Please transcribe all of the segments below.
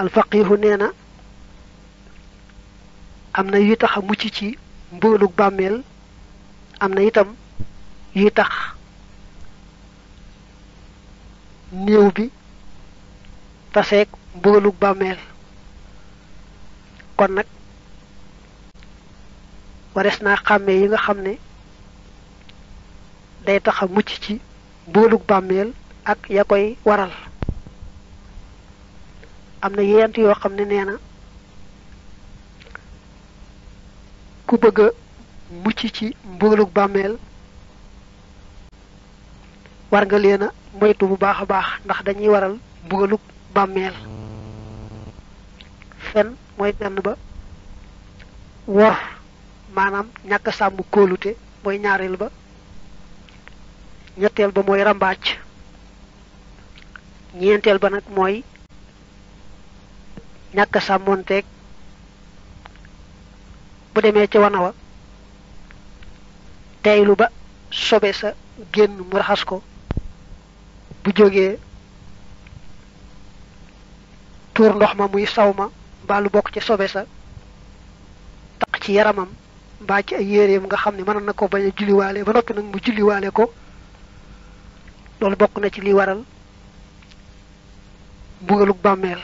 alfaqihu nee na am na yuy tax a mucc ci mbóolug bàmmeel am na itam yuy tax néew bi taseeg mbóolug bàmmeel kon nag warees naa xàmmee yi nga xam ne day tax a mucc ci mbóolug bàmmeel ak ya koy waral am na yent yoo xam ne nee na ku bëgg mucc ci mbugalug bàmmeel war nga leen moytu bu baax a baax ndax dañuy waral mbugalug bàmmeel fen mooy benn ba wor maanaam ñàkk a sàmm kóolute mooy ñaareel ba ñetteel ba mooy ràmbaaj ñeenteel ba nag mooy ñàkk a sàmmoonteeg bu demee ca wana wa teylu ba sobe sa génn mu raxas ko bu jógee tuur ndox ma muy saw ma mbaa lu bokk ci sobe sa tax ci yaramam mbaa ci ay yéreem nga xam ne mën na ko bañ a julliwaale ba noppi nag mu julliwaale ko loolu bokk na ci li waral mbugalug bàmmeel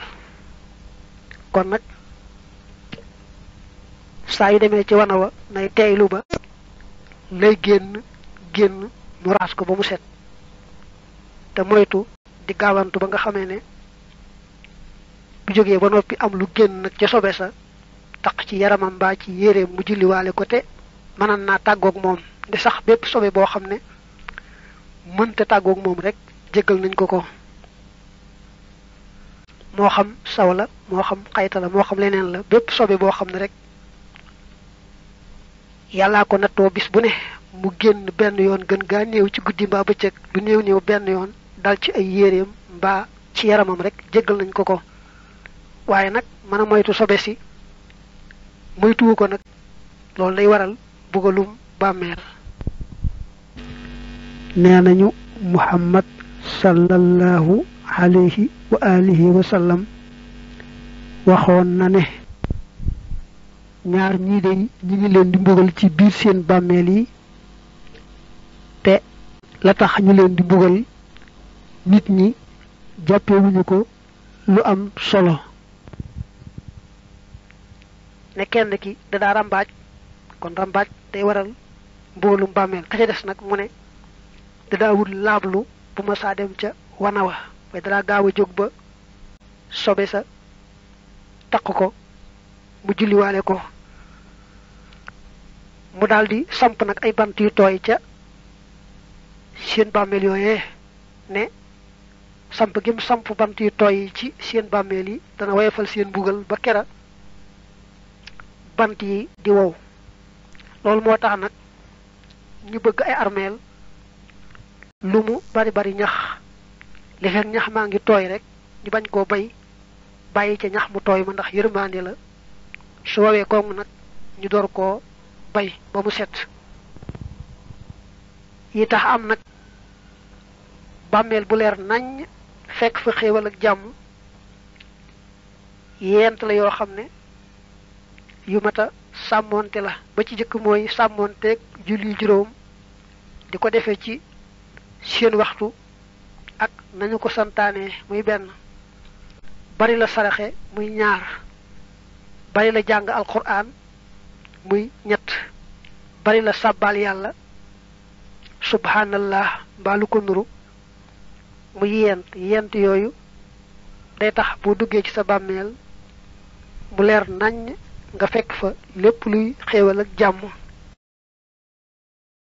kon nag saa yu demee ci wana wa nay teeylu ba lay génn génn mu raas ko ba mu set te moytu di gaawantu ba nga xamee ne bu jógee ba noppi am lu génn nag ca sobe sa taq ci yaramam mbaa ci yéreem mu julliwaale ko te mënan naa tàggook moom di sax bépp sobe boo xam ne mënte tàggook moom rek jéggal nañ ko ko moo xam saw la moo xam xayta la moo xam leneen la bépp sobe boo xam ne rek yàllaa ko nattoo bis bu ne mu génn benn yoon gën gaa néew ci guddi mbaa bëccëg du néew néew benn yoon dal ci ay yéreem mbaa ci yaramam rek jéggal nañ ko ko waaye nag mën moytu sobe si ko nag loolu lay waral bugalum bàmmeel nee nañu muhammad sallallahu alayhi wa alihi wa sallam waxon na ne ñaar ñi de ñi ngi leen di mbugal ci biir seen bàmmeel yi te la tax ñu leen di mbugal nit ñi jàppewuñu ko lu am solo ne kenn ki da daa rambaaj kon rambaaj day waral mbugalum bàmmeel ka ca des nag mu ne da daa wut laablu bu ma saa dem ca wanawa mooy dara gaaw a jóg ba sobe sa takk ko mu julliwaale ko mu daldi samp nag ay bant yu tooy ca seen bàmmeel yooyee ne samp gim samp bant yu tooy ci seen bàmmeel yi dana woyefal seen bugal ba kera bant yi di wow loolu moo tax nag ñu bëgg ay armeel lu bari bari ñax li fek ñax ma ngi toy rek di bañ ko bay bayyi ci ñax mu toy ma ndax yërmande la su wawee kong nak ñu dor ko bay ba mu set yi tax am nak bàmmeel bu leer nañ fekk fa xewal ak jamm yent la yo xamne yu mata samonté la ba ci julli juroom diko défé ci seen waxtu ak nañu ko santaane muy benn bari la saraxe muy ñaar bari la jàng alquran muy ñett bari la sàbbaal yàlla subhanallah mbaa lu ko nuru muy yent yent yooyu day tax boo duggee ci sa bàmmeel mu leer naññ nga fekk fa lépp luy xéewal ak jàmm